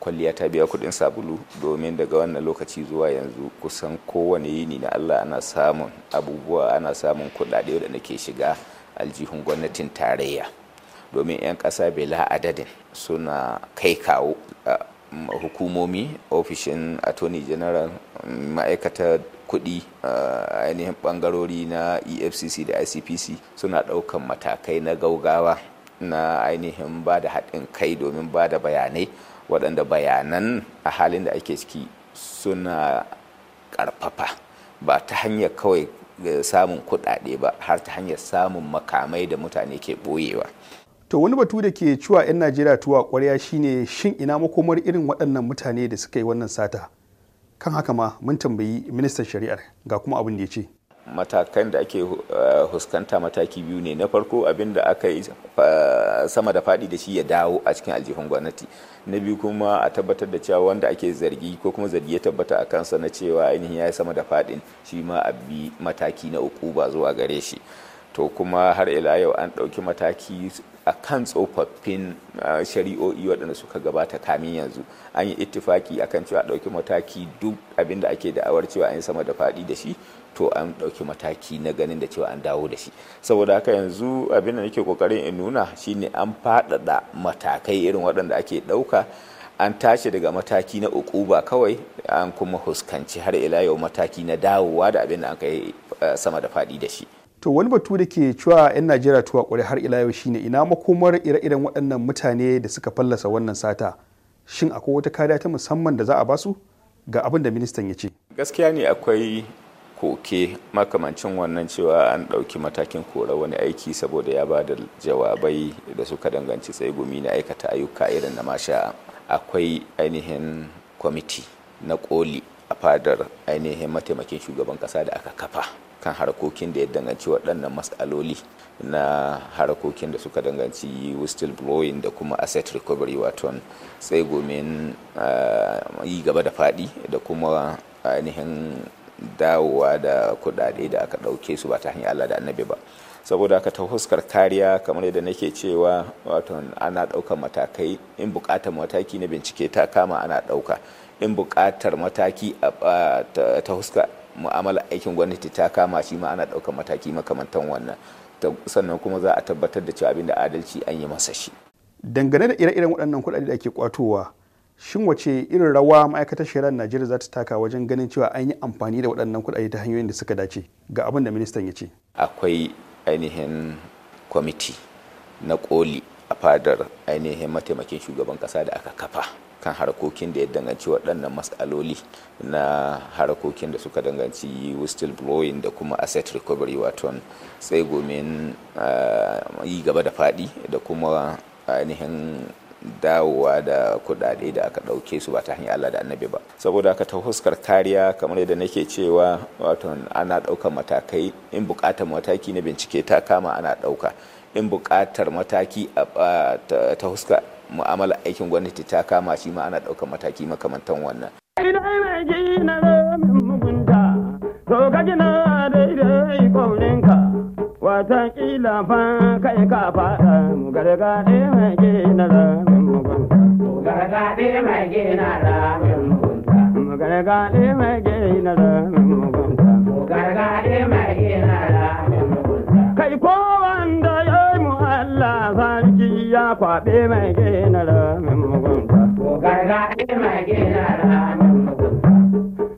kwalliya ta biya kudin sabulu domin daga wannan lokaci zuwa yanzu kusan kowane yini na Allah ana samun abubuwa ana samun kudade da ke shiga aljihun gwamnatin tarayya domin 'yan ƙasa bela adadin suna kai kawo hukumomi ofishin attorney general ma'aikatar kuɗi ainihin bangarori na efcc da icpc suna ɗaukan matakai na gaugawa na ainihin ba da haɗin kai domin ba da bayanai waɗanda bayanan a halin da ake ciki suna ƙarfafa ba ta hanyar kawai eh, samun kuɗaɗe ba har ta hanyar samun makamai da mutane ke ɓoyewa. to wani batu da ke cewa 'yan najeriya tuwa ƙwarya shine shin ina makomar irin waɗannan mutane da suka yi wannan sata kan haka ma mun tambayi ministan shari'ar ga kuma abin da ya ce matakan da ake eh, huskanta mataki biyu ne na farko abin da aka yi sama da faɗi da shi ya dawo a cikin aljihun gwamnati na biyu kuma a tabbatar da cewa wanda ake zargi ko kuma zargi ya tabbata a kansa na cewa ainihin ya yi sama da faɗin shi ma a bi mataki na uku ba zuwa gare shi to kuma har ila yau an ɗauki mataki a kan tsofaffin shari'o'i waɗanda suka gabata kamin yanzu an yi ittifaki kan cewa ɗauki mataki duk abin da ake da'awar cewa an yi sama da faɗi da shi to an ɗauki mataki na ganin da cewa an dawo da shi saboda haka yanzu abinda da nake kokarin in nuna shine an faɗaɗa matakai irin waɗanda ake ɗauka an tashi daga mataki na ukuba kawai an kuma huskanci har ila yau mataki na dawowa da abinda da aka yi sama da faɗi da shi to wani batu da ke cewa 'yan najeriya tuwa kwarai har ila yau shine ina makomar ire-iren waɗannan mutane da suka fallasa wannan sata shin akwai wata kariya ta musamman da za a basu ga abin da ministan ya ce gaskiya ne akwai koke makamancin wannan cewa an ɗauki matakin kora wani aiki saboda ya ba da jawabai da suka danganci gumi na aikata ayyuka irin na masha akwai ainihin kwamiti na koli a fadar ainihin mataimakin shugaban ƙasa da aka kafa kan harkokin da ya danganci waɗannan matsaloli na harkokin da suka danganci whistle blowing da kuma asset recovery wato tsegomin ah, yi gaba da faɗi da kuma ainihin dawowa da kuɗaɗe da aka ɗauke su ba ta hanyar Allah da annabi ba saboda aka ta huskar kariya kamar yadda nake cewa wato ana ɗaukar matakai in buƙatar mataki na bincike ta kama ana ɗauka in buƙatar mataki ta huskar mu'amala aikin gwamnati ta kama shi ma ana ɗaukar mataki makamantan wannan sannan kuma za a tabbatar da cewa abin da adalci an yi masa shi dangane da ire-iren waɗannan kuɗaɗe da ake kwatowa shin wace irin rawa ma'aikatar shari'ar najeriya za ta taka wajen ganin cewa an yi amfani da waɗannan kuɗaɗe ta hanyoyin da suka dace ga abin da ministan ya ce akwai ainihin kwamiti na koli a fadar ainihin mataimakin shugaban kasa da aka kafa kan harkokin da ya danganci waɗannan matsaloli na harkokin da suka danganci whistle blowing da kuma asset recovery wato tsegomin ah, yi gaba da faɗi da kuma ainihin dawowa da kudade da aka ɗauke su ba ta hanyar Allah da annabi ba saboda aka ta huskar kariya kamar yadda nake cewa wato ana ɗaukar matakai in bukatar mataki na bincike ta kama ana ɗauka in buƙatar mataki a ta huska mu'amala aikin gwamnati ta kama shi ma ana ɗaukar mataki makamantan wannan. Wataƙila fa gargaɗe mai gina ramin mugunta. gina gargaɗe mai gina ramin mugunta. na kwaɓe mai gina ramin mugunta. Gargaɗi mai gina ramin mugunta.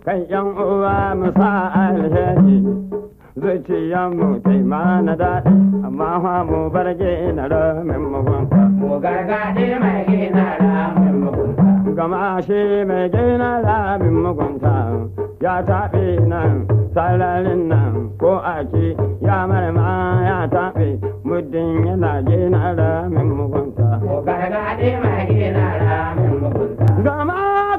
Kan ‘yan uwa mu sa alheri, zuciyarmu taima na daɗi, amma fa mu bar gina ramin mugunta. Gargaɗi mai gina ramin mugunta. Gama shi mai gina ramin mugunta ya taɓe nan, sararin nan ko aki ya marma ya taɓe. muddin yana gina ramin mugunta. Ko gargaɗe ma gina ramin mugunta. Gama